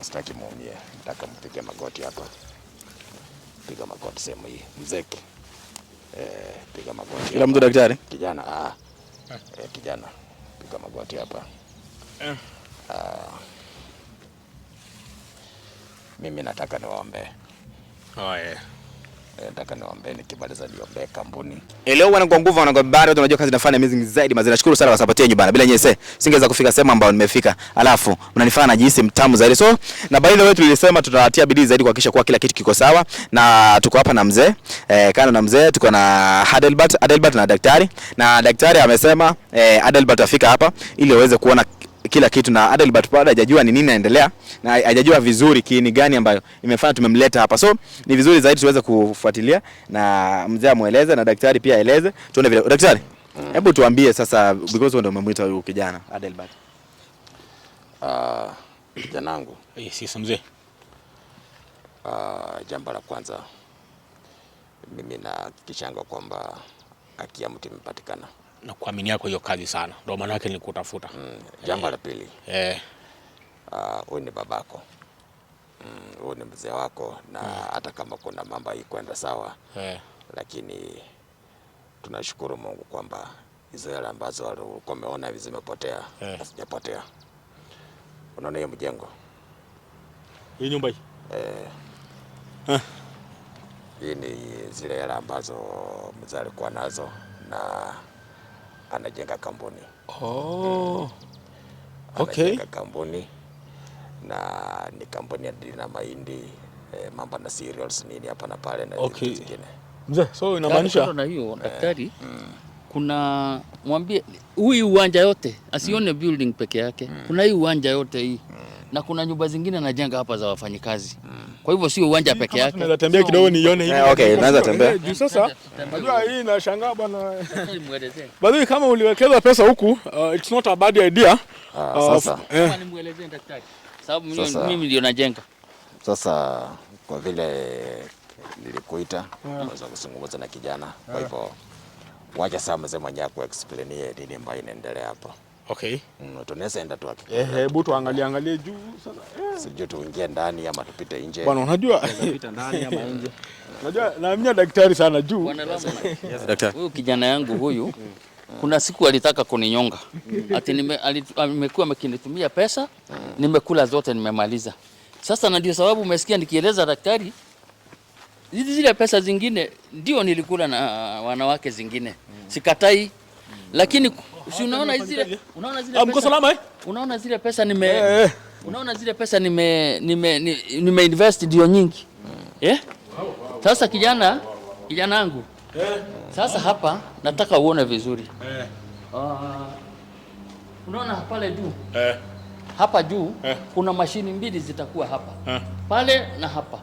Sitaki muumie, nataka mpige magoti hapa, piga magoti sehemu hii mzeki. Eh, piga magoti kila mtu. Daktari kijana, ah, eh, kijana piga magoti hapa eh. Ah, mimi nataka niwaombe. Oh, yeah. Eh, nataka niombeni kibali za niombee kampuni. Eh, leo wana kwa nguvu wana kwa bado tunajua kazi inafanya amazing zaidi mazi. Nashukuru sana kwa support yenu bana. Bila nyinyi sasa singeweza kufika sema ambao nimefika. Alafu mnanifanya najihisi mtamu zaidi. So na by the way tulisema tutatia bidii zaidi kuhakikisha kwa kila kitu kiko sawa na tuko hapa na mzee. Eh, kana na mzee tuko na Adelbert, Adelbert na daktari. Na daktari amesema eh, Adelbert afika hapa ili aweze kuona kila kitu na hata Gilbert hajajua ni nini inaendelea na hajajua vizuri kiini gani ambayo imefanya tumemleta hapa. So ni vizuri zaidi tuweze kufuatilia na mzee amueleze na daktari pia aeleze, tuone vile. Daktari, mm. hebu tuambie sasa, because ndio umemwita huyu kijana Adelbert. Ah, uh, kijana wangu. Eh, mzee. Ah, uh, jambo la kwanza mimi nahakikishanga kwamba haki ya mtu imepatikana na kuamini yako hiyo kazi sana, ndio maana yake nilikutafuta. Mm, jambo la pili eh, huyu eh. ah, ni babako huyu, mm, ni mzee wako na mm, hata kama kuna mambo haikwenda sawa eh, lakini tunashukuru Mungu kwamba hizo hela ambazo walikuwa wameona hivi zimepotea hazijapotea. Eh, unaona hiyo mjengo, hii nyumba hii eh, eh, hii ni zile hela ambazo mzee alikuwa nazo na anajenga kampuni oh. Anajenga okay. kampuni na ni kampuni ya dili na mahindi eh, mambo na cereals nini hapa na pale na okay. zingine mzee, so yaani inamaanisha na hiyo eh. daktari eh, mm. kuna mwambie huyu uwanja yote asione mm. building peke yake mm. kuna hii uwanja yote hii mm. na kuna nyumba zingine anajenga hapa za wafanyikazi kwa hivyo sio uwanja peke yake. Naweza tembea kidogo nione hivi. Eh, okay, naweza tembea. Juu sasa najua hii inashangaa bwana. Bado kama uliwekeza pesa huku, uh, it's not a bad idea. Ah, uh, sasa eh. kama nimuelezee daktari. Sababu mimi ndio najenga. Sasa kwa vile nilikuita naweza kuzungumza na kijana. Kwa hivyo wacha sasa mzee mwenyewe akuexplainie nini ambayo inaendelea hapa. Okay. Mm, tunaweza enda tu hapo. Eh, hebu tuangalie angalie juu sasa. Eh. Sijui tuingie ndani ama tupite nje. Bwana unajua tupita ndani ama nje. Unajua naamini daktari sana juu. Bwana yes, daktari. Huyu kijana yangu huyu kuna siku alitaka kuninyonga. Ati nime amekuwa amekinitumia pesa, nimekula zote nimemaliza. Sasa na ndio sababu umesikia nikieleza daktari hizi zile pesa zingine ndio nilikula na wanawake zingine. Sikatai. Lakini Si unaona zile unaona zile ah, pesa. Mko salama eh? Unaona zile pesa nime eh, eh, eh. unaona zile pesa nime nime nime invest ndio nyingi. Eh? Sasa kijana kijana wangu. Eh. Sasa hapa nataka uone vizuri. Eh. Ah, unaona pale juu? Eh. Hapa juu kuna mashini mbili zitakuwa hapa pale na hapa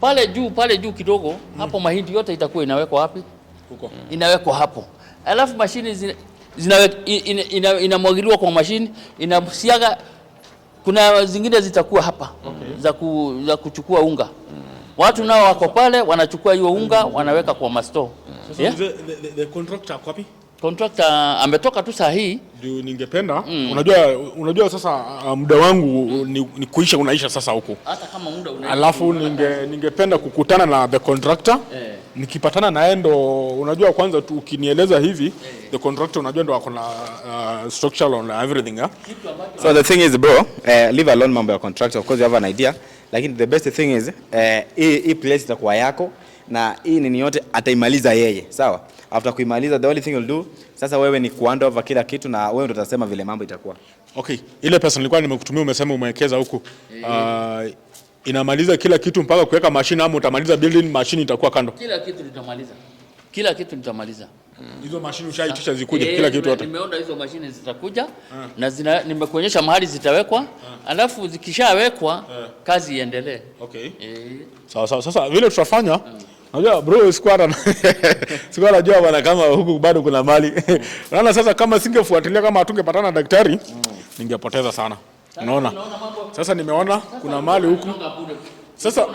pale juu pale juu kidogo hapo mahindi yote itakuwa inawekwa wapi? Huko. Inawekwa hapo alafu mashini zile inamwagiliwa ina, ina kwa mashini inasiaga. Kuna zingine zitakuwa hapa okay. za, ku, za kuchukua unga mm. watu nao wako pale wanachukua hiyo unga mm. wanaweka kwa masto mm. yeah? so, so, the, the, the contractor kwapi? Contractor ametoka tu saa hii ndio ningependa mm. Unajua, unajua sasa uh, muda wangu mm. ni, ni kuisha unaisha sasa huko, hata kama muda unaisha, alafu ninge, ningependa kukutana na the contractor eh nikipatana naye ndo unajua, kwanza tu ukinieleza hivi yeah. the contractor unajua ndo akona uh, structural on everything eh? so the thing is bro uh, leave alone mambo ya contractor, of course you have an idea, lakini the best thing is eh, hii uh, hii place itakuwa yako na hii nini yote ataimaliza yeye, sawa. After kuimaliza the only thing you'll do sasa, wewe ni kuhand over kila kitu, na wewe ndo utasema vile mambo itakuwa okay. Ile pesa nilikuwa nimekutumia, umesema umewekeza huku eh, uh, inamaliza kila kitu mpaka kuweka mashine ama utamaliza building, mashine itakuwa kando? Kila kitu nitamaliza, kila kitu nitamaliza. Hizo mashine ushaitisha eh, zikuje kila kitu hata. Nimeona hizo mashine zitakuja ah. na zina, nimekuonyesha mahali zitawekwa, ah. alafu zikishawekwa ah. kazi iendelee. Okay. Eh. Sawa sawa. Sasa vile tutafanya Unajua bro squad sikuwa najua bwana kama huku bado kuna mali. Unaona sasa kama singefuatilia kama hatungepatana na daktari mm. ningepoteza sana. Unaona? Sasa nimeona kuna mali huku. Sasa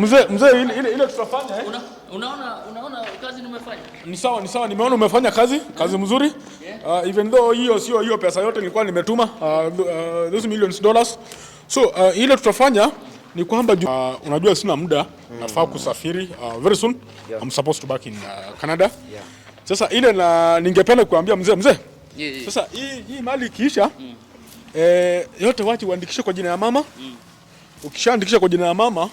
mzee mzee, ile ile ile tutafanya eh? Una, Unaona unaona kazi nimefanya. Ni sawa ni sawa, nimeona umefanya kazi kazi mzuri. Yeah. Uh, even though hiyo sio hiyo pesa yote nilikuwa nimetuma uh, uh, those millions dollars. So uh, ile tutafanya ni kwamba uh, unajua sina muda mm. Nafaa kusafiri uh, very soon yeah. I'm supposed to back in uh, Canada yeah. Sasa ile na ningependa kuambia mzee mzee yeah, yeah. Sasa hii hii mali ikiisha mm. E, yote watu uandikishe kwa jina ya mama mm. Ukishaandikisha kwa jina ya mama mm.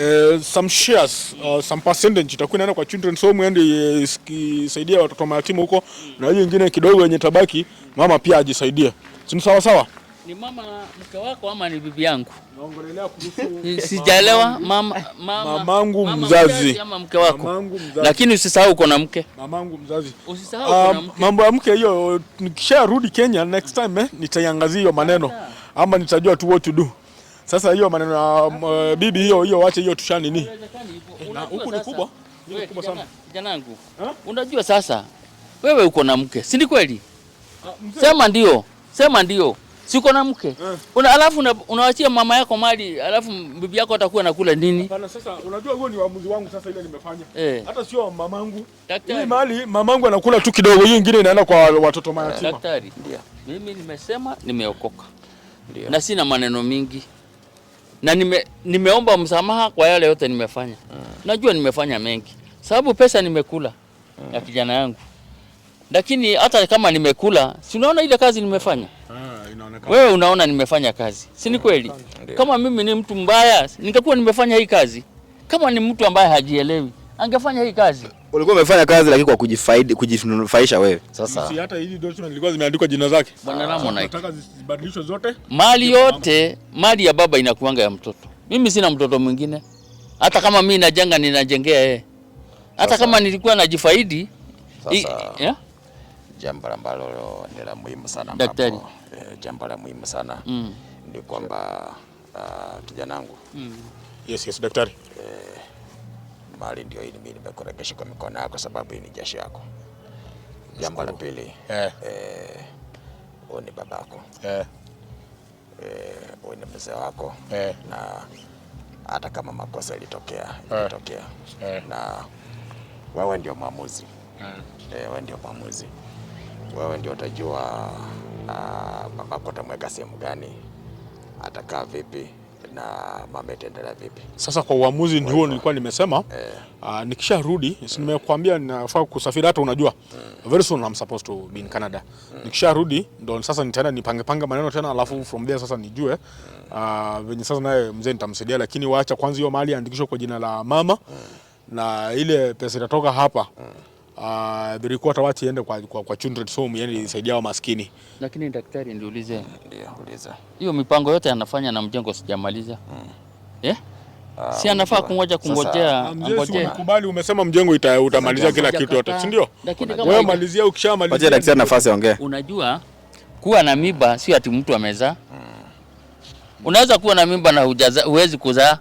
E, some shares mm. Uh, some percentage itakuwa inaenda kwa children's home and yaani, eh, isaidia watoto mayatima huko mm. Na hiyo nyingine kidogo yenye tabaki mama pia ajisaidie, si sawa sawa? ni mama mke wako ama ni bibi yangu? Naongelea kuhusu sijaelewa. mama, mama, mamangu mzazi ama mke wako. Mamangu mzazi. Lakini usisahau uko na mke. Mamangu mzazi. Usisahau uko ah, na mke. Mambo ya mke hiyo nikisharudi Kenya next time eh, nitaiangazia hiyo maneno ama nitajua tu what to do. Sasa hiyo maneno ya bibi hiyo hiyo wache hiyo tushani nini. Eh, huku ni kubwa. Ni kubwa sana. Janangu. Unajua sasa wewe uko na mke, si ni kweli? Ah, sema ndio. Sema ndio. Siko na mke. Eh. Una alafu unawaachia mama yako mali, alafu bibi yako atakuwa anakula nini? Hapana, sasa unajua huo ni uamuzi wangu sasa ile nimefanya. Eh. Hata sio mamangu. Daktari. Hii mali mamangu anakula tu kidogo, hii nyingine inaenda kwa watoto eh, mayatima. Daktari. Ndio. Mimi nimesema nimeokoka. Ndio. Na sina maneno mingi. Na nime, nimeomba msamaha kwa yale yote nimefanya. eh. Najua nimefanya mengi. Sababu pesa nimekula eh. ya kijana yangu. Lakini hata kama nimekula, si unaona ile kazi nimefanya? eh wewe unaona nimefanya kazi, si ni kweli? Kama mimi ni mtu mbaya, ningekuwa nimefanya hii kazi? Kama ni mtu ambaye hajielewi, angefanya hii kazi? Ulikuwa umefanya kazi lakini kwa kujifaidi, kujinufaisha wewe. Sasa si hata hizi document zilikuwa zimeandikwa jina zake bwana Ramon, nataka zibadilishwe zote. Mali yote, mali ya baba inakuanga ya mtoto. Mimi sina mtoto mwingine, hata kama mimi najenga, ninajengea yeye, hata kama nilikuwa najifaidi. Sasa. I, yeah? jambo ambalo ni la muhimu sana daktari. Eh, jambo la muhimu sana mm. ni kwamba uh, ah, kijanangu mm. yes, yes, daktari eh, mali ndio hii, mimi nimekuregesha kwa mikono yako sababu hii ni jasho yako. Jambo la pili eh. eh ni babako eh. Eh, ni mzee wako eh. na hata kama makosa ilitokea ilitokea eh. na wewe ndio mwamuzi eh. wewe ndio mwamuzi wewe ndio utajua uh, ah, mamako utamweka sehemu gani, atakaa vipi na mama itaendelea vipi. Sasa kwa uamuzi ndio nilikuwa nimesema eh, uh, ah, nikisharudi si nimekuambia nafaa kusafiri, hata unajua mm, very soon I'm supposed to be in Canada mm. Nikisharudi ndo sasa nitaenda nipange panga maneno tena, alafu mm. from there sasa nijue mm. uh, venye sasa naye mzee nitamsaidia, lakini waacha kwanza hiyo mali andikishwe kwa jina la mama mm, na ile pesa itatoka hapa mm uh, tawati requota kwa, kwa, kwa children's home, yani isaidia wa maskini. Lakini daktari, niulize hiyo mipango yote anafanya na mjengo sijamaliza hmm. yeah? Eh? si anafaa kungoja kungojea ah, ngojea. Ukubali umesema mjengo utamalizia kila kitu yote, si ndio? Wewe malizia, ukishamalizia. Ngoja daktari nafasi ongea. Unajua kuwa na mimba sio ati mtu amezaa. Hmm. Unaweza kuwa na mimba na huwezi kuzaa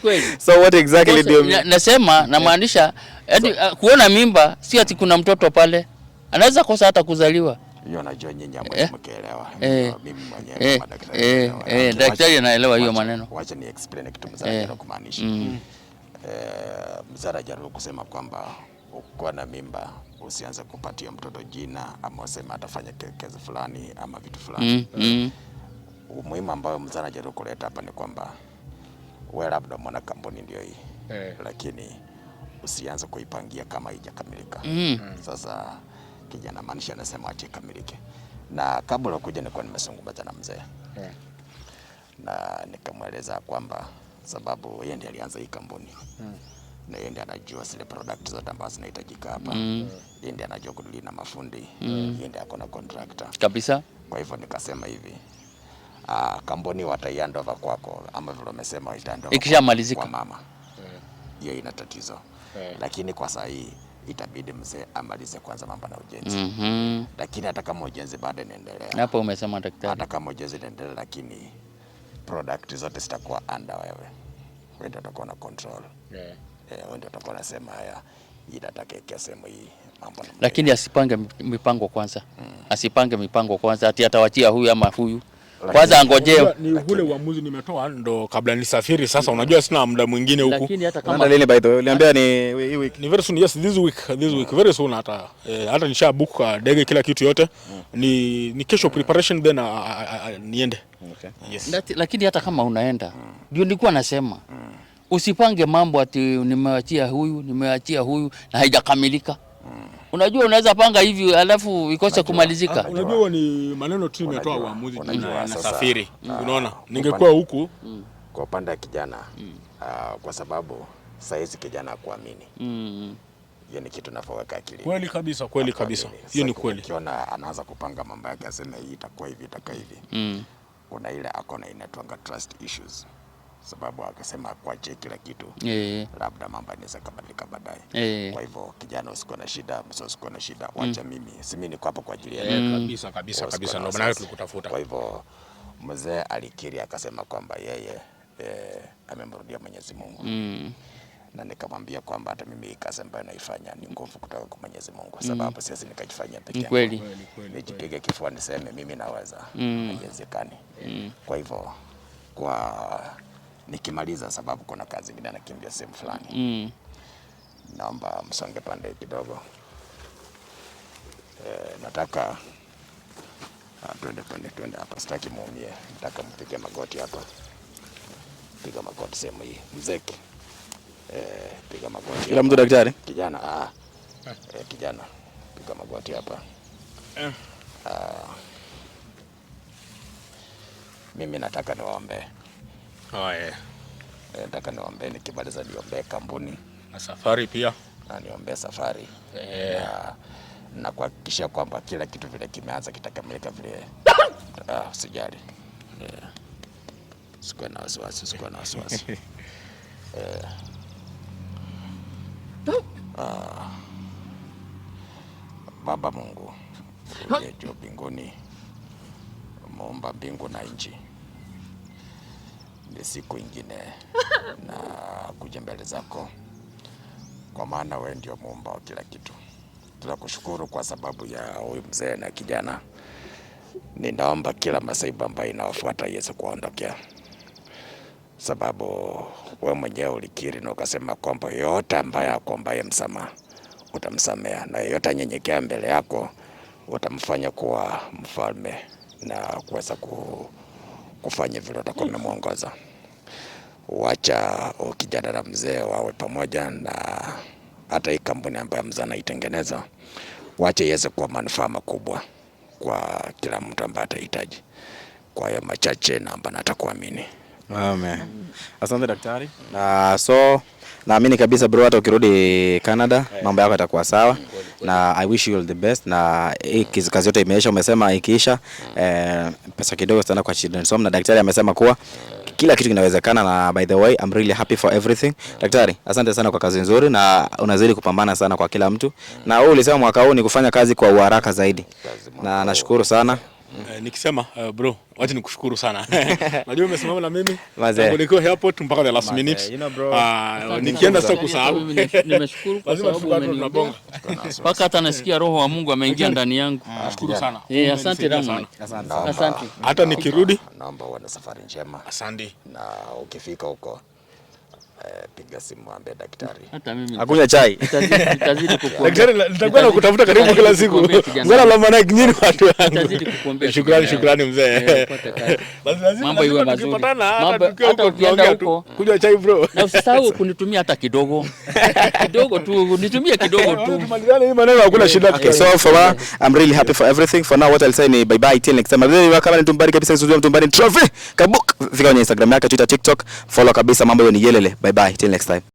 kweli. So what exactly Because, do you mean? Nasema namaanisha so, uh, kuona mimba si ati kuna mtoto pale anaweza kosa hata kuzaliwa. Unajua nyinyi eh. mkielewa. Eh. Mimi mwenyewe eh. madaktari. Daktari anaelewa hiyo maneno. Wacha ni explain kitu mzara mzee kumaanisha. mm. Mzara jaribu kusema kwamba ukiwa na mimba usianze kupatia mtoto jina ama useme atafanya kazi fulani ama vitu fulani. mm. Mm. Umuhimu ambao mzara jaribu kuleta hapa ni kwamba wewe labda mwana kampuni ndio hii eh, lakini usianze kuipangia kama haijakamilika mm. Sasa kijana maanisha anasema ache ikamilike, na kabla kuja nilikuwa nimezungumza na mzee eh, na nikamweleza kwamba sababu yeye ndiye alianza hii kampuni mm. na yeye ndiye anajua zile product zote ambazo zinahitajika hapa mm. yeye ndiye anajua kudili na mafundi mm. yeye ndiye akona contractor kabisa. Kwa hivyo nikasema hivi uh, ah, kampuni wataiandova kwako ama vile umesema itaandova ikishamalizika kwa mama eh. hiyo, yeah. ina tatizo yeah. Lakini kwa saa hii itabidi mzee amalize kwanza mambo na ujenzi mm -hmm. Lakini hata kama ujenzi bado inaendelea, hapo umesema daktari, hata kama ujenzi inaendelea, lakini product zote zitakuwa under wewe, wewe ndio utakuwa na control eh yeah. wewe ndio utakuwa unasema haya inataka inatakekea sehemu hii mambo, lakini asipange mipango kwanza mm. Asipange mipango kwanza ati atawachia huyu ama huyu kwanza angojee. Ni ule uamuzi nimetoa ndo kabla nisafiri sasa, mm. unajua sina muda mwingine huku. Lakini hata kama lini by ni ah, hii week. Ni very soon, yes, this week, this week ah. very soon hata. Eh, hata nisha book ndege uh, kila kitu yote. Mm. Ni ni kesho ah. preparation then uh, uh, niende. Okay. Yes. Lakini hata kama unaenda, mm. ndio nilikuwa nasema. Usipange mambo ati nimewachia huyu, nimewachia huyu na haijakamilika. Unajua unaweza panga hivi alafu ikose kumalizika. Ah, unajua ni maneno tu imetoa uamuzi na ah, Unaona, ningekuwa huku mm. kwa upande wa kijana mm. Uh, kwa sababu saizi kijana akuamini mm. Hiyo ni kitu nafaweka akili. Kweli kabisa, kweli kabisa, hiyo ni kweli. Ukiona anaanza kupanga mambo yake, aseme hii itakuwa hivi, itakuwa hivi mm. Kuna ile akona inatwanga trust issues sababu akasema kuachia kila kitu yeah. Labda mambo anaweza kabadilika baadaye yeah. Kwa hivyo kijana, usiko na shida, msio usiko na shida, wacha mm. Mimi si mimi niko hapa kwa ajili ya mm. kabisa kabisa kabisa, ndio maana tulikutafuta. Kwa hivyo mzee alikiri akasema kwamba yeye e, amemrudia Mwenyezi Mungu mm. na nikamwambia kwamba hata mimi kazi ambayo naifanya ni nguvu kutoka kwa Mwenyezi Mungu, mm. sababu mm. siwezi nikajifanyia peke yangu, kweli nijipige kifua niseme mimi naweza, mm. haiwezekani mm. mm. kwa hivyo kwa nikimaliza, sababu kuna kazi nyingine nakimbia sehemu fulani mm. Naomba msonge pande kidogo e, nataka ah, twende pande, twende hapa, sitaki muumie, nataka mpige magoti hapa, piga magoti sehemu hii mzeki e, eh, piga magoti kila mtu daktari, kijana ah, e, kijana piga magoti hapa ah, mimi nataka niwaombe Oh, yeah. E, nataka niombe nikimaliza niombee kampuni na safari pia na niombee safari yeah. na, kuhakikisha kwamba kila kitu vile kimeanza kitakamilika vile. Ah, sijali yeah. Sikuwa na wasiwasi, sikuwa na wasiwasi yeah. Ah, Baba Mungu uliye juu mbinguni, muumba mbingu na nchi ni siku ingine na kuja mbele zako, kwa maana wewe ndio muumba wa kila kitu. Tunakushukuru kwa sababu ya huyu mzee na kijana. Ninaomba kila masaibu ambayo inawafuata Yesu kuondokea, sababu wewe mwenyewe ulikiri na ukasema kwamba yote ambaye akuombaye msamaha utamsamea, na yote anyenyekea mbele yako utamfanya kuwa mfalme na kuweza ku kufanya vile utakuwa mmemwongoza. Wacha kijana na mzee wawe pamoja, na hata hii kampuni ambayo mzee anaitengeneza, wacha iweze kuwa manufaa makubwa kwa kila mtu ambaye atahitaji. Kwa hiyo machache namba natakuamini. Amen. Asante daktari. Na so naamini kabisa bro, hata ukirudi Canada eh. mambo yako yatakuwa sawa na I wish you all the best, na hii kazi yote imeisha, umesema ikiisha eh, pesa kidogo sana kwa Children's Home, na daktari amesema kuwa kila kitu kinawezekana, na by the way I'm really happy for everything. Daktari, asante sana kwa kazi nzuri, na unazidi kupambana sana kwa kila mtu, na wewe ulisema mwaka huu ni kufanya kazi kwa uharaka zaidi, na nashukuru sana. Uh, nikisema uh, bro, wacha nikushukuru sana. Najua umesimama na mimi tangu nikiwa airport mpaka the last minute. Ah, Nikienda sasa kusahau. Nimeshukuru kwa sababu umeniambia. Paka hata nasikia roho wa Mungu ameingia ndani yangu. Ah, nashukuru sana. Eh, asante sana. Asante. Hata nikirudi naomba uwe na safari njema. Asante. Na ukifika huko piga simu ambie daktari Hata mimi akunywa chai daktari, nitakuwa nakutafuta karibu kila siku zana la maana nyinyi watu wangu. Shukrani, shukrani mzee, eh, mambo iwe mazuri, hata ukienda huko kunywa chai bro, na usisahau kunitumia hata kidogo kidogo tu, nitumie kidogo tu, tumalizane hii maneno, hakuna eh, shida. Okay, so for I'm really happy for everything for now, what I'll say ni bye bye till next time. Leo kama nitumbariki kabisa, sio tumbari trophy kabuk, fika kwenye Instagram yake, Twitter, TikTok, follow kabisa, mambo ni yelele. Bye. bye till next time